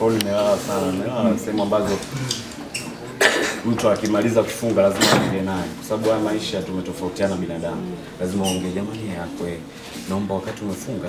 Paul nimelala sana, nimelala sehemu ambazo mtu akimaliza kufunga lazima aongee naye, kwa sababu haya maisha tumetofautiana binadamu, lazima aongee, Jamani yako naomba wakati umefunga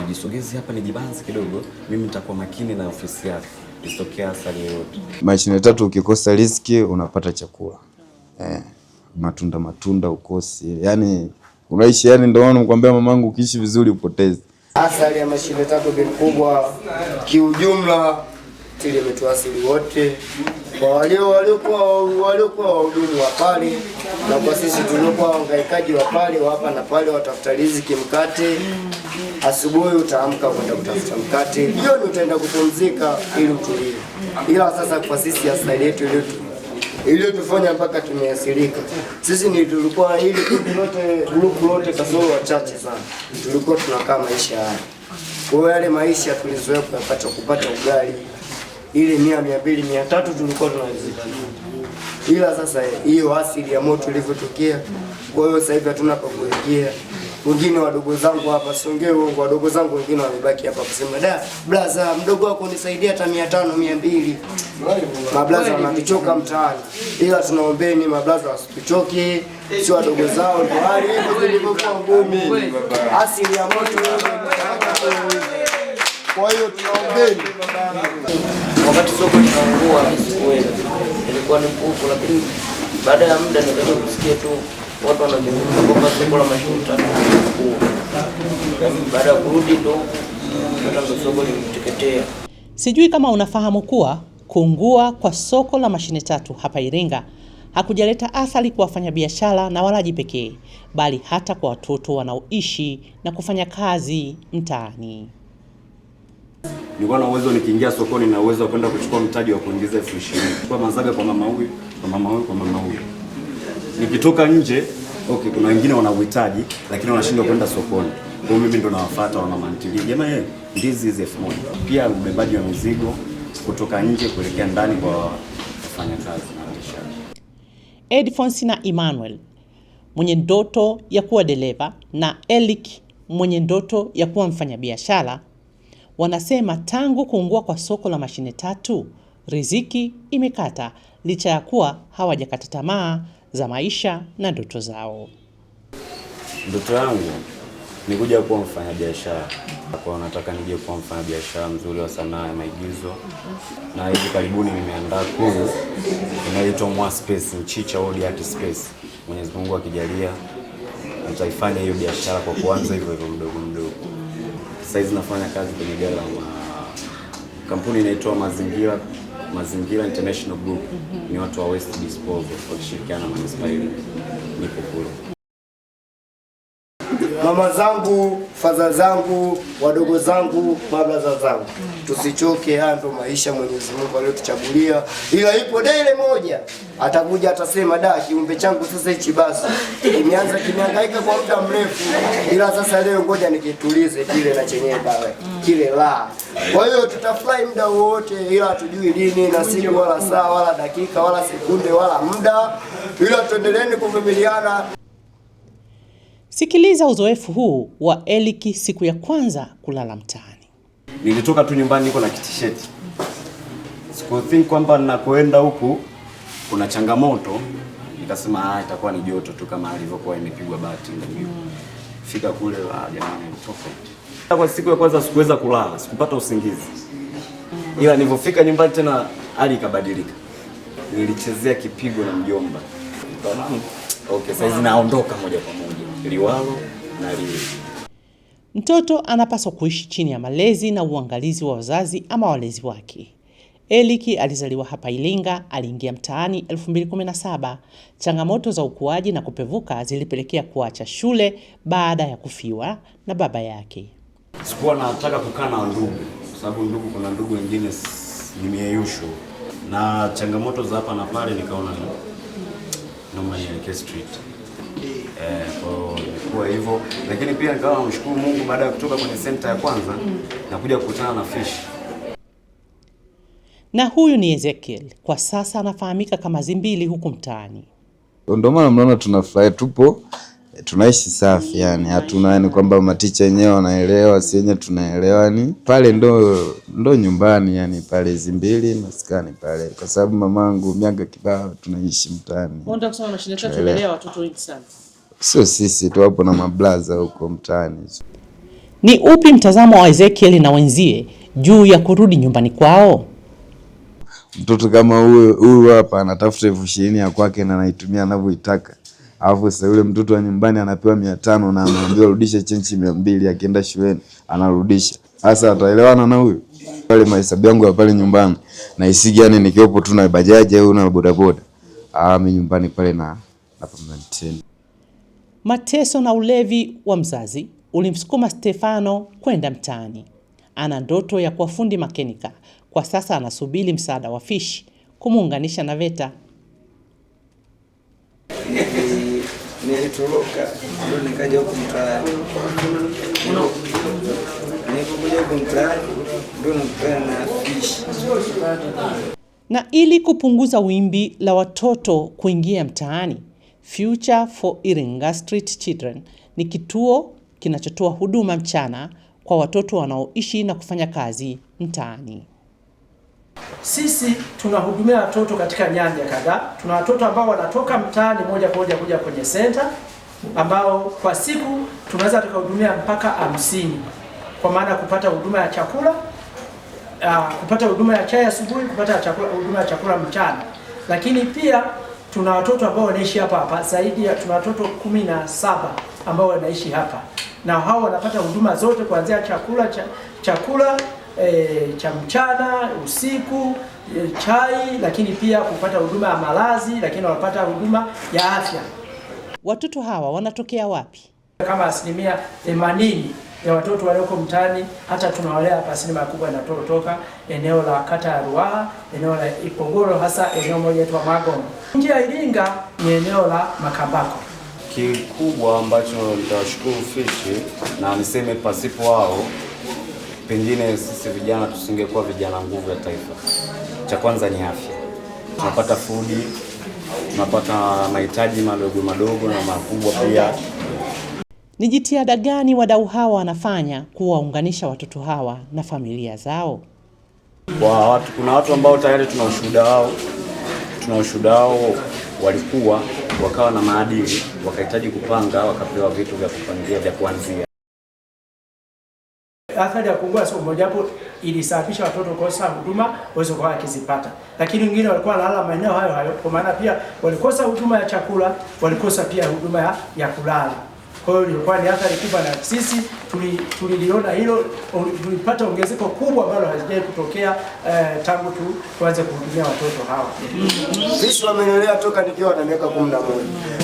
nijisogeze hapa nijibanzi kidogo, mimi nitakuwa makini na ofisi yako, isitokea hasara yoyote. Maisha tatu, ukikosa riziki unapata chakula eh, matunda matunda ukosi, yani unaishi yani, ndio maana nikwambia mamangu, ukiishi vizuri upoteze Athari ya mashine tatu ni kubwa kiujumla, tili imetuasili wote, kwa walio waliokuwa waliokuwa wahudumu wa pale na kwa sisi tuliokuwa wangaikaji wa pale hapa na pale, watafuta riziki mkate. Asubuhi utaamka kwenda kutafuta mkate, jioni utaenda kupumzika ili utulie, ila sasa kwa sisi athari yetu iliyotufanya mpaka tumeathirika sisi. Ni tulikuwa hili kundi lote grupu lote kasoro wachache sana, tulikuwa tunakaa maisha haya. Kwa hiyo yale maisha tulizoea kupata kupata ugali ile mia mia mbili mia tatu tulikuwa tunaziki, ila sasa hiyo asili ya moto ilivyotokea, kwa hiyo sasa hivi hatuna pa wengine wadogo zangu hapa, siongee uongo, wadogo zangu wengine wamebaki hapa kusema da, blaza mdogo wako nisaidia hata mia tano mia mbili. Mablaza wanatuchoka mtaani, ila tunaombeni mablaza wasichoke, sio wadogo zao ndio hali hivyo ilivyokuwa ngumu, asili ya moto. Kwa hiyo tunaombeni, wakati soko linaungua sikuweza, ilikuwa ni mkufu, lakini baada ya muda nikaja kusikia tu watu wanazungumza kwamba soko la mashilingi elfu tatu baada ya kurudi ndo pata soko limeteketea. Sijui kama unafahamu kuwa kuungua kwa soko la mashine tatu hapa Iringa hakujaleta athari kwa wafanyabiashara na walaji pekee, bali hata kwa watoto wanaoishi na kufanya kazi mtaani. Nilikuwa na uwezo nikiingia sokoni na uwezo wa kwenda kuchukua mtaji wa kuingiza elfu ishirini kwa mazaga kwa mama huyu, kwa mama huyu, kwa mama huyu nikitoka nje okay, kuna wengine wana uhitaji lakini wanashindwa kwenda sokoni. Kwa mimi ndo nawafuata wana mantili, jamani, eh, ndizi hizi elfu moja. Pia ubebaji wa mizigo kutoka nje kuelekea ndani kwa wafanyakazi na biashara Edfonsi na Emmanuel mwenye ndoto ya kuwa dereva na elik mwenye ndoto ya kuwa mfanyabiashara wanasema tangu kuungua kwa soko la mashine tatu riziki imekata, licha ya kuwa hawajakata tamaa za maisha na ndoto zao. Ndoto yangu ni kuja kuwa mfanyabiashara, kwa nataka nije kuwa mfanyabiashara mzuri wa sanaa ya maigizo, na hivi karibuni nimeandaa kuu inaitwa Mwa Space Mchicha World Art Space. Mwenyezi Mungu akijalia, nitaifanya hiyo biashara kwa kuanza hivyo hivyo mdogo mdogo. Sasa hizi nafanya kazi kwenye gala ma kampuni inaitwa Mazingira Mazingira International Group ni watu wa West Disposal wakishirikiana na manispaa nipo kule mama zangu, fadha zangu, wadogo zangu, mabraza zangu, tusichoke. Haya ndo maisha Mwenyezi Mungu aliyotuchagulia, ila ipo dele moja atakuja atasema, da, kiumbe changu sasa hichi basi kimeanza kimehangaika kwa muda mrefu, ila sasa leo ngoja nikitulize kile na chenyewe dawa kile la. Kwa hiyo tutafurahi muda wote, ila hatujui lini na siku wala saa wala dakika wala sekunde wala muda, ila tuendeleeni kuvumiliana. Sikiliza uzoefu huu wa Eliki siku ya kwanza kulala mtaani. Nilitoka tu nyumbani niko na kitisheti, sikuthink kwamba ninakoenda huku kuna changamoto, nikasema ah, itakuwa ni joto tu kama alivyokuwa imepigwa bati ndio fika kule la ah, jamani, toka kwa siku ya kwanza sikuweza kulala, sikupata usingizi, ila nilipofika nyumbani tena hali ikabadilika. Nilichezea kipigo na mjomba, hmm, okay, saizi naondoka moja kwa moja liwalo na liwe. Mtoto anapaswa kuishi chini ya malezi na uangalizi wa wazazi ama walezi wake. Eliki alizaliwa hapa Ilinga, aliingia mtaani 2017. Changamoto za ukuaji na kupevuka zilipelekea kuacha shule baada ya kufiwa na baba yake. Sikuwa nataka kukaa na ndugu, kwa sababu ndugu, kuna ndugu wengine nimeyeyusho na changamoto za hapa na pale, nikaona noma nielekee street ilikuwa eh, hivyo, lakini pia nikawa namshukuru Mungu baada ya kutoka kwenye senta ya kwanza mm, na kuja kukutana na Fish. Na huyu ni Ezekiel, kwa sasa anafahamika kama Zimbili huku mtaani, ndio maana mnaona tunafurahi tupo tunaishi safi yani, hatuna yani kwamba maticha yenyewe wanaelewa, si yenyewe tunaelewa, ni pale ndo ndo nyumbani yani, pale Zimbili maskani pale, kwa sababu mamangu miaka kibao tunaishi mtaani. Sio sisi tu, wapo na mablaza huko mtaani. Ni upi mtazamo wa Ezekiel na wenzie juu ya kurudi nyumbani kwao? Mtoto kama huyu hapa anatafuta elfu ishirini ya kwake na anaitumia anavyoitaka Alafu sasa yule mtoto wa nyumbani anapewa mia tano na anaambiwa rudisha chenchi mia mbili akienda shuleni anarudisha. Sasa ataelewana na huyu? Pale mahesabu yangu ya pale nyumbani na isigi yani, nikiwepo tu na bajaji au na bodaboda. Ah, mimi nyumbani pale na na maintain. Mateso na ulevi wa mzazi ulimsukuma Stefano kwenda mtaani. Ana ndoto ya kuwa fundi makenika. Kwa sasa anasubiri msaada wa Fish kumuunganisha na VETA nilitoroka ndio nikaja huku mtaani. Nilipokuja huku mtaani ndio nikutana na fishi. Na ili kupunguza wimbi la watoto kuingia mtaani, Future for Iringa Street Children ni kituo kinachotoa huduma mchana kwa watoto wanaoishi na kufanya kazi mtaani. Sisi tunahudumia watoto katika nyanja kadhaa. Tuna watoto ambao wanatoka mtaani moja kwa moja kuja kwenye senta, ambao kwa siku tunaweza tukahudumia mpaka hamsini, kwa maana kupata huduma ya chakula Uh, kupata huduma ya chai asubuhi, kupata chakula, huduma ya chakula mchana, lakini pia tuna watoto ambao wanaishi hapa hapa zaidi ya tuna watoto kumi na saba ambao wanaishi hapa, na hao wanapata huduma zote kuanzia chakula cha, chakula e, cha mchana, usiku e, chai, lakini pia kupata huduma ya malazi, lakini wanapata huduma ya afya. Watoto hawa wanatokea wapi? Kama asilimia 80 ya watoto walioko mtaani, hata tunawalea hapa, asilimia kubwa inatotoka eneo la kata ya Ruaha, eneo la Ipogoro, hasa eneo moja inaitwa Magongo. Nje ya Iringa ni eneo la Makambako. Kikubwa ambacho nitawashukuru Fishi na niseme pasipo wao pengine sisi vijana tusingekuwa vijana nguvu ya taifa. Cha kwanza ni afya, tunapata fudi, tunapata mahitaji madogo madogo na makubwa pia. Ni jitihada gani wadau hawa wanafanya kuwaunganisha watoto hawa na familia zao? Kwa watu, kuna watu ambao tayari tuna ushuhuda wao, tuna ushuhuda wao walikuwa wakawa na maadili, wakahitaji kupanga, wakapewa vitu vya kupangia vya kuanzia Athari ya sio sugu hapo ilisababisha watoto kukosa huduma waweze kwa kizipata. lakini wengine walikuwa lala maeneo hayo hayo, kwa maana pia walikosa huduma ya chakula, walikosa pia huduma ya, ya kulala. Kwa hiyo ilikuwa ni athari kubwa, na sisi tuliliona tuli hilo, tulipata ongezeko kubwa ambalo hazijai kutokea eh, tangu tu kuanze kuhudumia watoto hawa. Sisi wamenelea toka nikiwa na miaka 11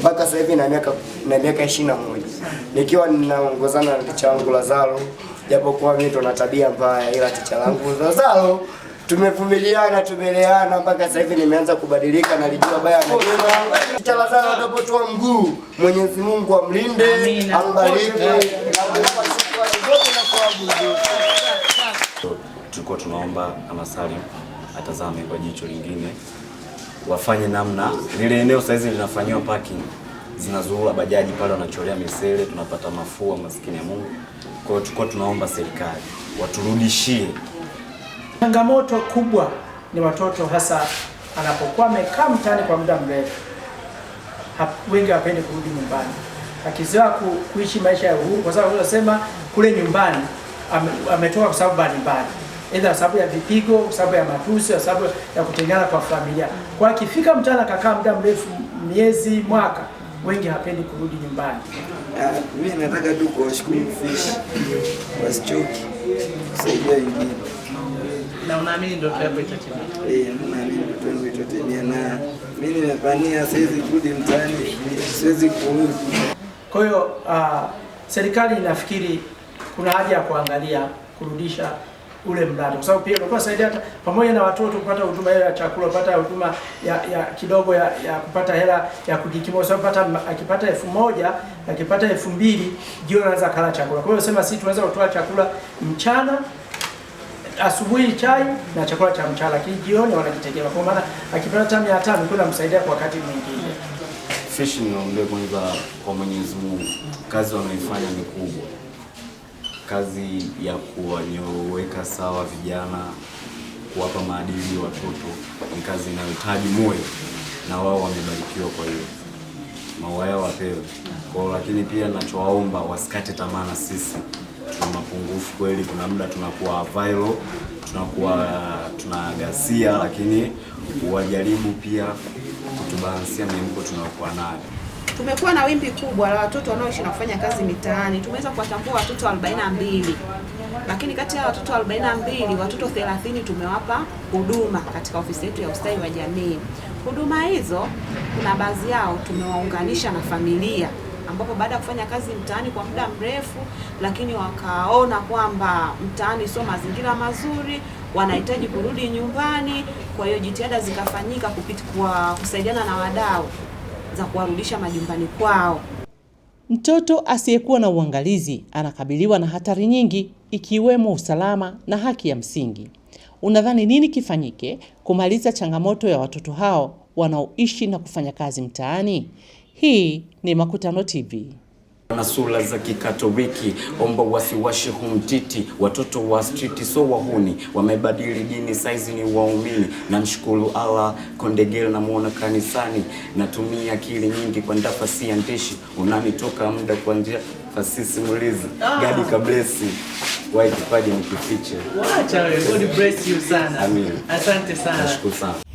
mpaka sasa hivi na miaka na miaka 21 nikiwa ninaongozana na kichangu Lazaro japokuwa mimi tuna tabia mbaya, ila ticha langu Zozalo tumevumiliana tumeleana mpaka sasa hivi nimeanza kubadilika, nalijua baya na jema. Ticha Lazaro anapotoa mguu, Mwenyezi Mungu amlinde, ambariki na Tulikuwa tunaomba kama Salim atazame kwa jicho lingine, wafanye namna lile eneo sasa linafanyiwa parking, zinazuula bajaji pale, wanacholea misele, tunapata mafua, maskini ya Mungu. Kwa hiyo tulikuwa tunaomba serikali waturudishie. Changamoto kubwa ni watoto, hasa anapokuwa amekaa mtaani kwa muda mrefu, wengi hawapendi kurudi nyumbani, akizoea ku, kuishi maisha ya uhuru, kwa sababu unasema kule nyumbani ametoka kwa sababu mbalimbali, aidha kwa sababu ya vipigo, kwa sababu ya matusi, kwa sababu ya kutengana kwa familia. Kwa akifika mtaani akakaa muda mrefu, miezi, mwaka wengi hawapendi kurudi nyumbani. Ah, mimi nataka tu kuwashukuru Fish, wasichoki kusaidia wengine. Na unaamini ndoto yako itatimia? Eh, naamini ndoto yangu itatimia, na mimi nimepania, siwezi kurudi mtaani, siwezi kurudi. Kwa hiyo ah, serikali inafikiri kuna haja ya kuangalia kurudisha ule mradi kwa sababu pia ulikuwa saidia hata pamoja na watoto kupata huduma ya chakula, kupata huduma ya, ya kidogo ya, ya kupata hela ya kujikimu, kwa sababu pata akipata elfu moja akipata elfu mbili jioni anaweza kula chakula. Kwa hiyo sema sisi tunaweza kutoa chakula mchana asubuhi chai na chakula cha mchana, lakini jioni wanajitegemea. Kwa maana akipata mia tano kuna msaidia kwa wakati mwingine. Fish, niombe kwanza kwa Mwenyezi Mungu, kazi wanaifanya ni kubwa kazi ya kuwanyoweka sawa vijana, kuwapa maadili watoto ni kazi inayohitaji moyo, na wao wamebarikiwa, kwa hiyo maua yao wapewe kwao. Lakini pia ninachowaomba wasikate tamaa, na sisi tuna mapungufu kweli, kuna muda tunakuwa viral, tunakuwa tunagasia, lakini wajaribu pia kutubalansia miemko tunayokuwa nayo. Tumekuwa na wimbi kubwa la watoto wanaoishi na kufanya kazi mitaani. Tumeweza kuwatambua watoto 42 lakini kati ya watoto 42 watoto 30 tumewapa huduma katika ofisi yetu ya ustawi wa jamii. Huduma hizo kuna baadhi yao tumewaunganisha na familia ambapo baada ya kufanya kazi mtaani kwa muda mrefu, lakini wakaona kwamba mtaani sio mazingira mazuri, wanahitaji kurudi nyumbani. Kwa hiyo jitihada zikafanyika kupitia kwa kusaidiana na wadau za kuwarudisha majumbani kwao. Mtoto asiyekuwa na uangalizi anakabiliwa na hatari nyingi ikiwemo usalama na haki ya msingi. Unadhani nini kifanyike kumaliza changamoto ya watoto hao wanaoishi na kufanya kazi mtaani? Hii ni Makutano TV na sura za Kikatoliki, omba wasiwashe humtiti, watoto wa striti so wahuni, wamebadili dini saizi ni waumini. Namshukuru Allah, Kondegel namwona kanisani, natumia akili nyingi kwa ndafasi ya ndeshi, unanitoka muda kwa njia fasisi mulizi ah. bless kablesi wai kipaji nikifiche. Wacha God bless you sana. Amin. Asante sana. Nashukuru sana.